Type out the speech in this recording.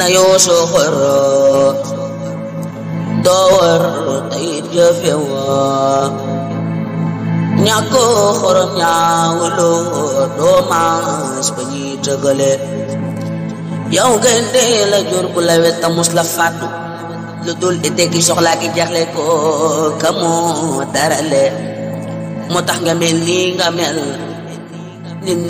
نيوشو خر دور تيد جفوا ñako xorom ñaawlo do mas bañi tegale yow gende la jur bu la wetta musla fatu lu dul ite ki soxla ki jaxle ko kamo darale motax nga mel